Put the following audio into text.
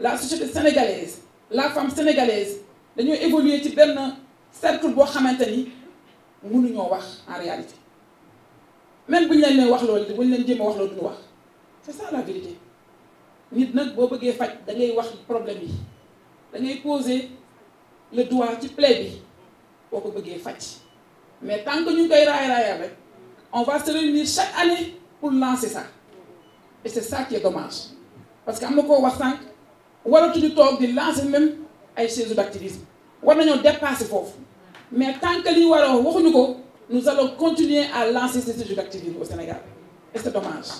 la société sénégalaise la femme sénégalaise dañoo évoluer ci benn cercle boo xamante ni mënuñoo wax en réalité même bu ñu leen wax loolu bu ñu leen jéem a wax loolu duñu wax c'est ça la nit nag boo bëggee faj da wax problème yi da ngay poser le doigt ci plaie bi boo ko bëggee faj mais tant que ñu ngi koy raay raayal rek. on va se réunir chaque année pour lancer ça et c'est ça qui est parce que am na koo wax wala waratuñu toog di lancer même ay chaises d'activisme war nañoo dépasser foofu mais tant que li war a waxuñu ko nous allons continuer à lancer ces chaises d'activisme au Sénégal et c'est dommage.